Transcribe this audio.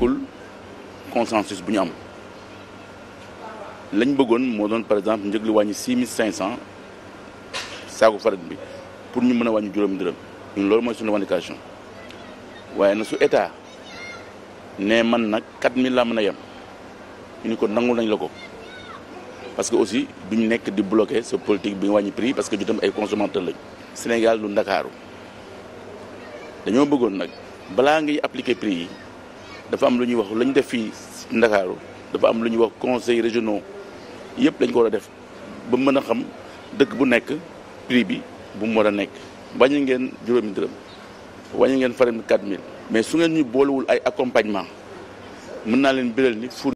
nekkul consensus bu ñu am lañ bëggoon moo doon par exemple njëg li wàññi six mille cinq cent saaku farine bi pour ñu mën a wàññi juróom dërëm ñun loolu mooy suñu revendication waaye na su état ne man nag quatre mille laa mën a yem ñu ni ko nangul nañ la ko parce que aussi duñ nekk di bloquer sa politique bi nga wàññi prix parce que ñu tam ay consommateur lañ Sénégal lu Ndakaaru dañoo bëggoon nag balaa ngay appliquer prix yi dafa am lu ñuy wax la ñu def fi Ndakaaru dafa am lu ñuy wax conseil régionaux yëpp dañ ko war a def ba mën a xam dëkk bu nekk prix bi bu mu war a nekk. wàññi ngeen juróomi dërëm wàññi ngeen farine bi 4000 mais su ngeen ñu boolewul ay accompagnement mën naa leen biral ni